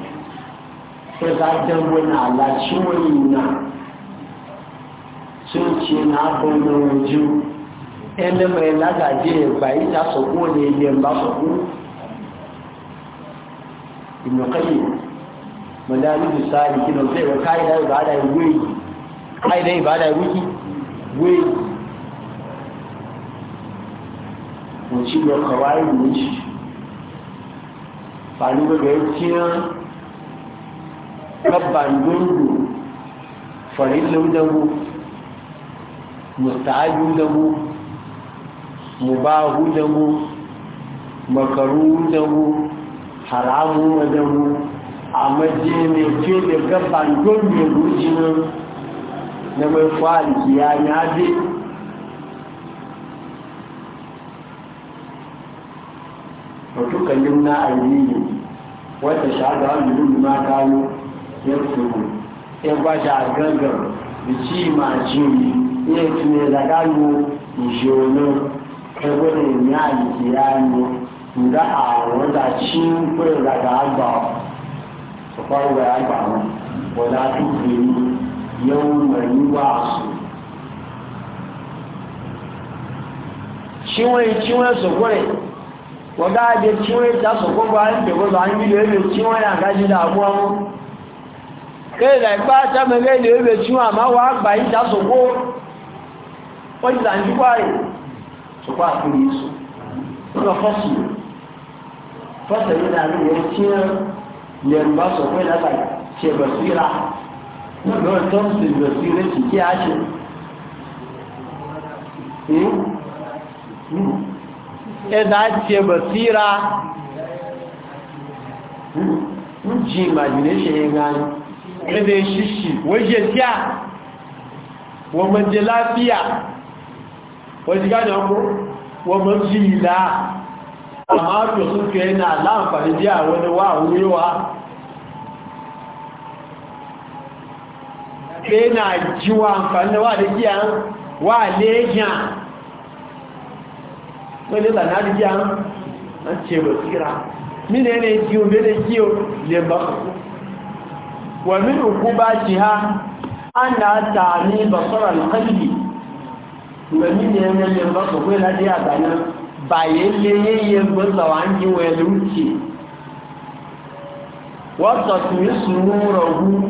sai za a dan wani alaci wani na coci na abin na wajen ẹni mai lagaje bayi ta sọkú ne ilé ba sọkú ìmọ̀kayì wéèlì mo ti lọ kọ̀wá ìlú méjì fàníbẹ̀rẹ̀ tiẹ́ lọ́ba ìgbóǹdò fọ̀rẹ́lẹ́ dẹ́wọ́ mùsàájú dẹ́wọ́ mubahu dẹ́wọ́ makaru dẹ́wọ́ haramu dẹ́wọ́ àmọ́jẹ́ ní kí lè gaba ìgbóǹdò jìnnà na mai kwaliki ya yaje wato kallon na ainihi wata shaga wani lulu ma kawo ya tsoro ya ba shi a gangar da ci ma jiri ya tune da gano jiyonu ta ya yi kiyanu da a wanda ci kwaya daga alba su faru da alba wadatu fiye yawma yuwasu chiwe chiwe sokore waga je chiwe ta sokon ba an bego ba an bi le le chiwe na ga ji da abu amu ke da pa ta me le le le chiwe ma wa gba yi ta soko o ji da nji pa yi so pa ku ni so ko fasu fasu ni na ni lọ́rọ̀ tó ń ṣe ìgbẹ̀sí rẹ̀ sì kí a ṣe ẹ̀dá ti ẹ̀bẹ̀ síra ń jí imagination yẹn gan ẹ̀dẹ̀ ṣíṣì wọ́n ṣe tí a wọ́n mọ̀ jẹ láfíà wọ́n ti gájọ kú wọ́n mọ̀ sí ìlà àmọ́ sai na ji wa amfani da wa da giya wa lejan wani zana da giya an ce basira mini yanayi kiwo bai da kiwo lemba wa min uku ba ci ha an da ta ni basarar na daya zanen bayan yayayyen gwazawa an yi wa ya wuce wata su yi hu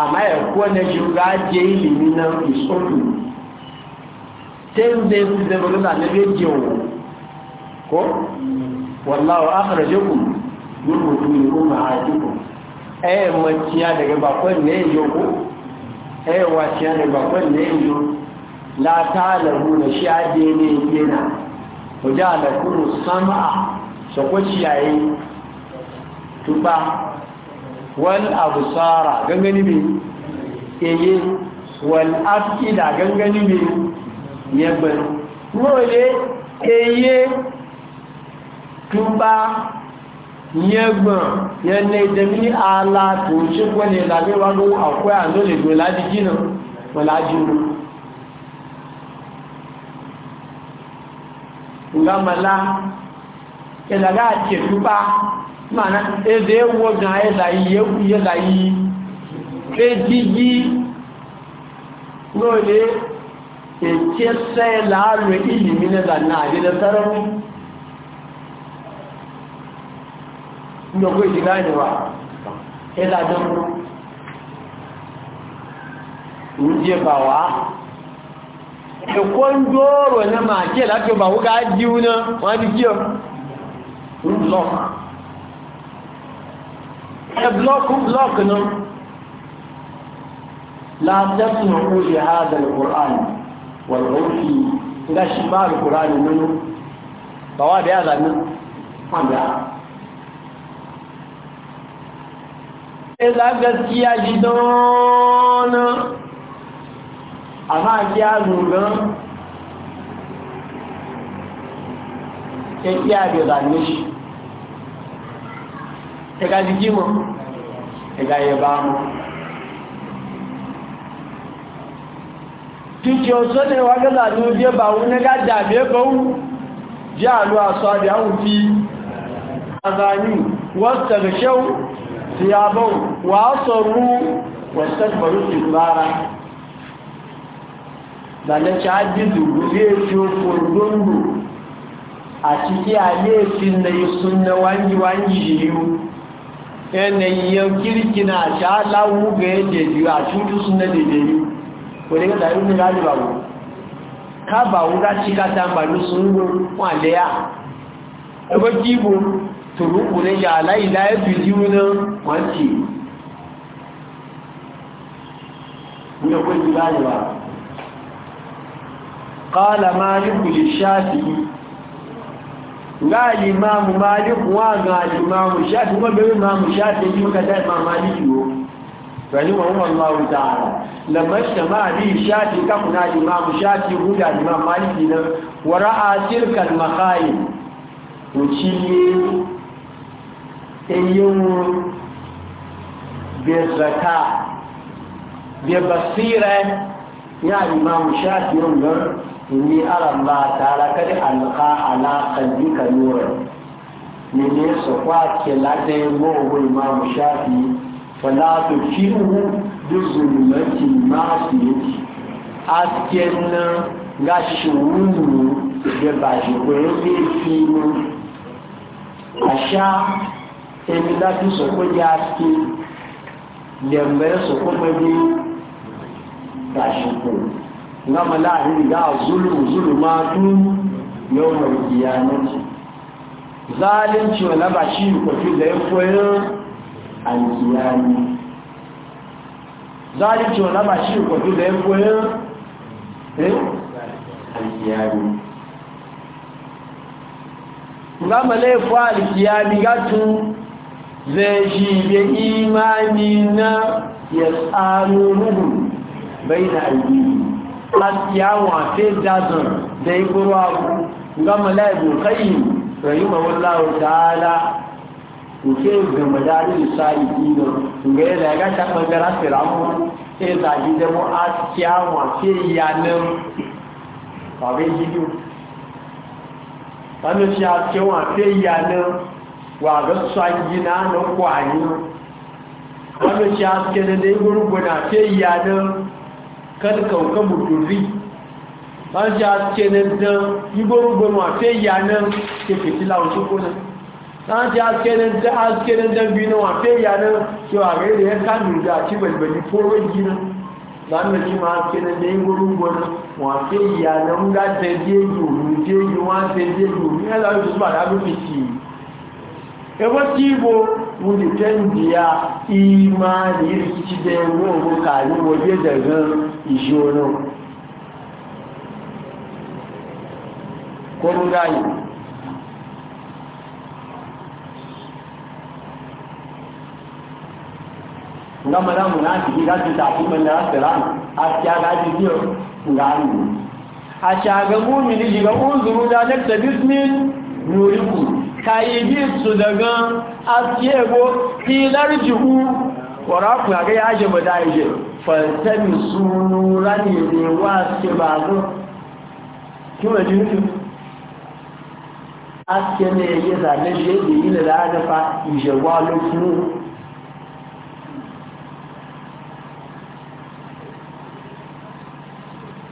amma ẹ̀kọ́ na ṣùgbọ́n ajé ìlú nínú ìṣòlù ku ìdẹ̀bọ̀ lọ́nà lẹ́gbẹ́ jẹ́ òun kó wàláwọ̀ ákàrẹ̀jẹ́kù nínú ìlú màájúkù ẹ̀ẹ̀mọ̀ tí a dẹ̀gẹ̀ bàkọ́ ẹ̀yọ́kú ẹ̀ẹ̀wà ne a dẹ̀gẹ̀ bàkọ́ ẹ̀yọ́ látàlẹ̀hù na ṣí ajé ní ilé náà a àlẹ̀kùnù sánmà sọ̀kọ́ wal absara gangani me eye wal afida gangani me yẹgbẹ̀n wọ́le eye túbá yẹgbẹ̀n yẹnlẹ̀ ìdẹ̀mí ala tó ṣe pẹ́lẹ̀ ìlàgbéwàgbó àkọ́ àndó lè gbé láti jìnà wọ́lájú ngamala ìlàgbà àti ẹ̀túbá mana eze ewo gan eza iye iye la yi eji yi lóde ètí ẹsẹ láàrú ìlú mi lẹba náà àdéhùn sọrọ mi nyọgbó ìdílé àyẹwà ẹlà dọkọ ǹjẹ bà wá ẹkọ ń dọrọ ẹ náà máa jẹ láti ọba wọgá jíwú náà wọn á di jíọ ẹ blọ́ọ̀kù blọ́ọ̀kù náà látẹ́sùn òye àádọ́lù kùránì wọ̀lú òfì ńgáṣí máàlù kùránì nínú bàwá bí àzàmì fàmìlà ila gaskiya ji don amma kiya zugan ya kiya bai zane ẹ̀ka ti kí wọn ẹ̀ka yẹ bá mọ́ kíkí oṣó ní wákẹ́lá ní ojú ẹbà wọn ní gájà àbí ẹbà wọn jẹ́ àlú àṣọ àbí àwọn fi àzáyù wọ́n tẹ̀lẹ̀ṣẹ́ sí àbọ̀ wà á sọ̀rọ̀ wọ́n tẹ̀lẹ̀bọ̀rú sí lára àti kí ayé èsì nà ìsúnnà wáyíwáyí yìí yanayin kirki na sha lawu ga yadda biyu a cutu sun na ndị kò ní kẹta ìrúnmí lájúwà wò kábà wúrá síkátà màlú sunwó wọn àlẹ́yà ẹgbẹ́ jíbo tòrúkù ní yà aláìlá ẹ̀bì na Nga limamu malik wa ga limamu shafi kuma bai limamu shafi yi muka da imam maliki wo bani wa huwa Allah ta'ala lamma shama bi shafi ka kuna limamu shafi guda imam maliki nan wa ra'a tilka al makhayi uciye eyin bi zaka bi basira ya limamu shafi yungar inni aramba tara kadi alka ala qalbika nuran ni ne so kwa ke lade mo wo imam shafi fala tu firu bi zulmati ma fi askena ga shuuru de ba je ko ni fi mu asha emi da tu so ko ya ki lembe so ko me bi ga shuuru na malahin ga zulun zuluma tun yau mai kiyamanci zalunci wala ba shi kwafi da ya koyi alkiyami zalunci wala ba shi kwafi da ya koyi alkiyami ga malaifa alkiyami ga tun zai shi da imani na ya tsaro ruhu bai na alkiyami asiyawa sai dazan da yi gurwa gama laifin kai rahima wallahu ta'ala nke gama dari sa'i ido ga yana ga ta bangara firamu sai zaji da mu asiyawa sai yanin babin gidu wani shi asiyawa sai yanin wa ga swangina na kwani wani shi asiyawa sai kalkaukabu turri wọ́n jẹ́ àtẹ́nẹ̀ dán gbígbórógbónú àfẹ́ ìyá náà ṣe fìtílà òṣùkú náà wọ́n jẹ́ àtẹ́nẹ̀ dán gbínú àfẹ́ ìyá náà ṣe ààrẹ rẹ̀ kánùrù àti bẹ̀lẹ̀bẹ̀lẹ̀ fóró yìí náà lánàá tí máa kẹ́nẹ̀ dán gbígbórógbónú wọ́n àfẹ́ ìyá náà ń dá tẹ́ ebe tibo wulitan biya imani rikici da yawon bukari waje daga ishonin kwangayi na mana munafiki za su tafi mana rasiran a kyaga jijiyar gani a shagan mumini shiga unzuru da dakta bismin nuriku kayi su daga aske go filar jihu waraku a ga yaje ba da yaje falsami su rani ne wa su ba zo kima jirgin aske ne ya zane shi da yi da da fa ije wa lokacin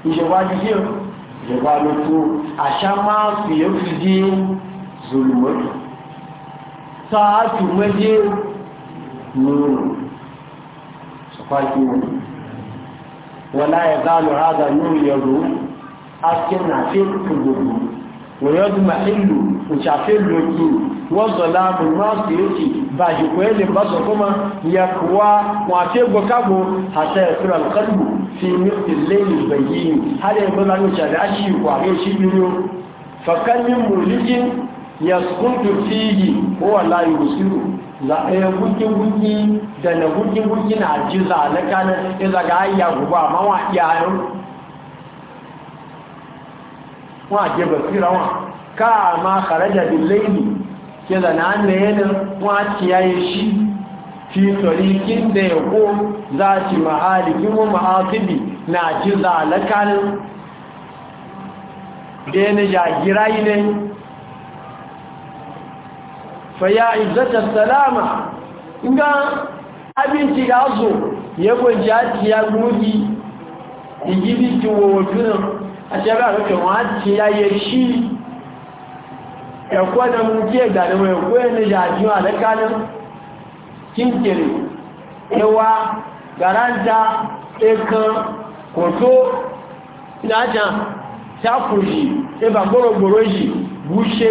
ije wa jikin ije wa lokacin a sha ma fiye zulmatu sa'atu maje nuru su kwaki wani wala ya zalu hada nuru ya ruhu askin na fi kududu wa yadda mahillu ushafin loki wọ́n láàmù nọ́ọ̀sì èkì bá ìkò ẹlẹ́ bá sọ fọ́mọ́ ya kúwá wọn àti ẹgbọ́kágbò àti ẹ̀fẹ́rẹ̀ alkalbu fi mẹ́sì lẹ́yìn ìgbẹ̀yìn hálẹ̀ ìgbọ́lá ní ìṣàlẹ̀ àṣì ìkò àríṣì nínú fọ̀kánlẹ̀ mọ̀lẹ́jìn yaskutu fihi huwa la yusiru la ya guki guki da na guki guki na jiza na kana iza ga ya guba ma wa iyayen wa je basira wa ka ma kharaja bil layli ke da nan ne yana wa tiyaye shi fi tariqin da ya ko za ci mahalikin wa ma'asibi na jiza na kana da ne ya girayi ne faya izzata salama nga abinci da azu ya gwaji aci ya gogi igidi ti wowo tunan a shara rufin ya yi shi ẹ̀kọ́ na mú kí ẹgbà ni wọ́n ẹ̀kọ́ ẹni jàjú àlẹ́kánú kíńkèrè ẹwà garanta ẹkan kò tó ìdájà sáfù yìí ẹbà gbọ́rọ̀gbọ̀rọ̀ yìí bú ṣe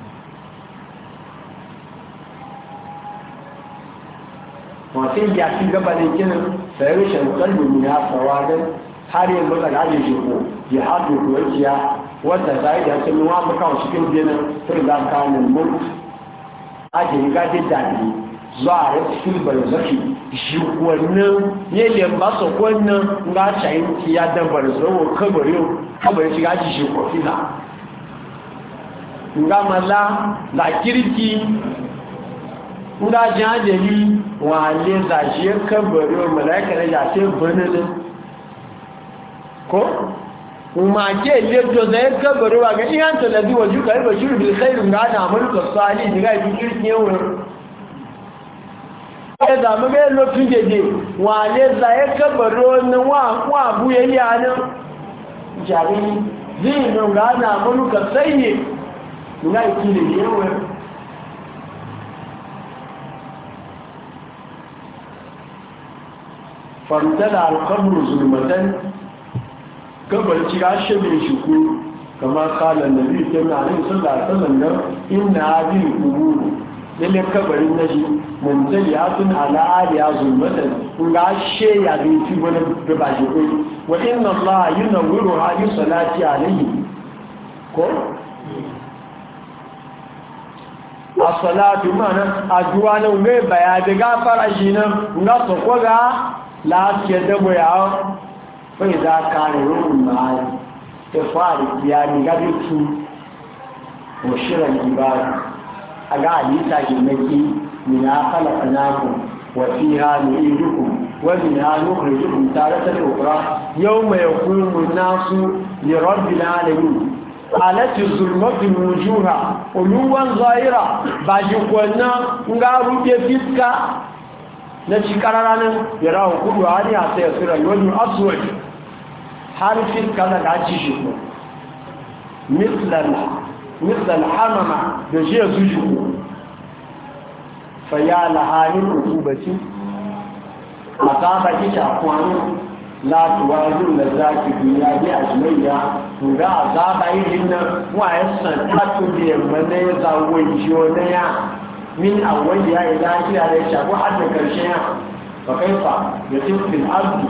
wasu ya ci gabanin da kinin sayar shankar domin ya don har yin mutane a yin shiko ya haɗu kuwanciya wadda ta yi da sun yi wasu kawo cikin jinin sun za ka mulki. mun ake yi gaje dadi zuwa a yi cikin barzafi shi wannan ne ba su wannan ga shayin tiya da barzawo kabarin kabarin shi ji shi kofi na nga mala la kirki kuda jajali wale zashiyar kabari wa mala'ikar yashe birnin ko kuma ke lejo zai kabari wa ga iyan talabi wa juka riba shirin bilkhairun ga ana amurka sali ni ga ibi kirkin wurin ya zama ga yin lokacin jeje wale zai kabari na wa abu ya yi anan jari zai yi ga ana amurka sanyi ni ga ibi kirkin wurin fantana alkamru zulmatan gabarci ya shirin shiku kama kalan da biyu kyan alin sallah sallan nan inna abin kuburu lalle kabarin na shi mumtali ya tun ala'ari ya zulmatan in ga she ya zai ci wani da ba shi kai wa inna allaha yuna wuro hali salati alayhi ko a salatu mana a duwa nan mai baya da gafara shi nan na sakwaga láti ẹ̀dẹ́gbẹ̀ àwọn fún ìdáka rẹ̀ rọrùn máa ẹ̀fọ́ àrìkí agbègbè tu òṣìrẹ̀ ìbára àgá àdíta ìmẹ́kí nìyà kálàkànáàkù wàfí ha ní ìrúkù wẹ́bìn ha ní òkèrèjúkù tààrẹ tẹ́lẹ̀ òkúra yóò mẹ́ ẹ̀kúrùn náà sú ní rọ́bìn alẹ́lú alẹ́tì ń gá rúgbé fífká نجي كرارانا يراو كدو عالي حتى يصير الوجه الأسود حارف كذا قاتشي شكو مثل مثل الحمامة بجي أسوشكو فيا لها من عقوبة مصابة شعفوان لا توازن لذاك الدنيا دي أجمعية فقا عذاب أي جنة وعيسن تاتو دي من يزاوي من أولها إلى آخرها ليس أبو حتى كرشيها فكيف يصف في الأرض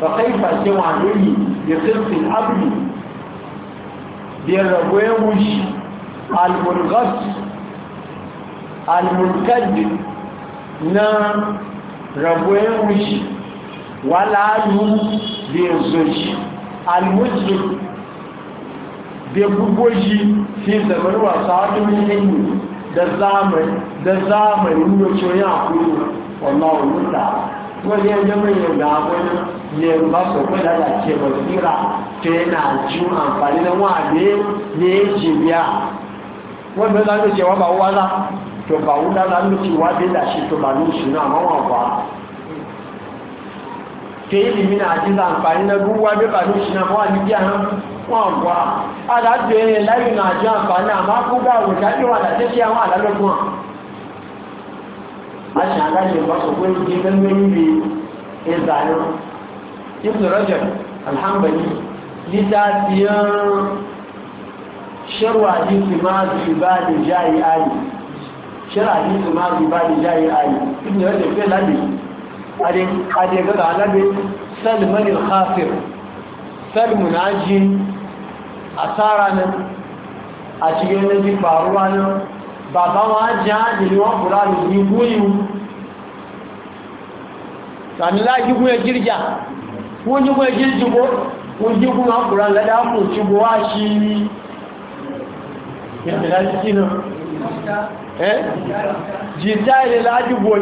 فكيف سوى عليه يصف في الأرض بيرويوش المنغص المنكد نا رويوش ولا يزوش المسلم بيبوشي في زمن وصاعد من النبي da zamani da coya kudu wallahu mutta wani yanzu mai yin ga wani ne ba su kwada da ke basira ta yana jin amfani da wade ne ya ce biya wanda za mu cewa ba wala to ba wula za mu cewa bai da shi to ba nun shi na mawa ba ke yi limina a jin amfani na ruwa bai ba nun shi na mawa ni biya nan kwamba alábẹ̀ẹ́rẹ̀ láyé náà jẹ́ àǹfààní àmá kúgbà òjájú àdàjẹ́ sí àwọn àdálọ́gbọ̀n a ṣe aláṣẹ ìbáṣọ̀gbọ́n ìdí gẹ́gẹ́ níbi ìzàyọ́ ibn rajab alhambali lítà ti yán ṣẹ́rọ àdíkù máa fi bá lè jáyé ayé ṣẹ́rọ àdíkù máa fi lè jáyé ayé asara nan a cikin nabi faruwa nan bàbá wọn á jẹ́ àjìrí wọn bùrá lè ní gúnyù sàmìlá jígún ẹjíríjà wọ́n jígún ẹjíríjìgbó wọ́n jígún wọn bùrá lẹ́dá mú tí bó wá sí ìrìnlẹ́ sí náà ẹ́ jìdá ilẹ̀ lájúgbò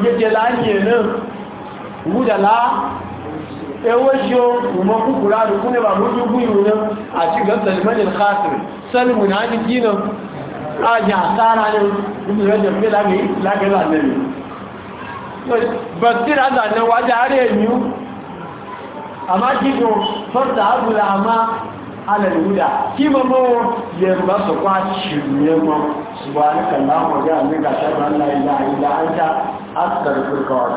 ewo shi o kuma kukura da kuma ba mutu guyu nan a cikin salmanin khasir salmun hannun kinan a ji hasara ne mutu da jamfe lagayi zanen ne basir a zanen waje har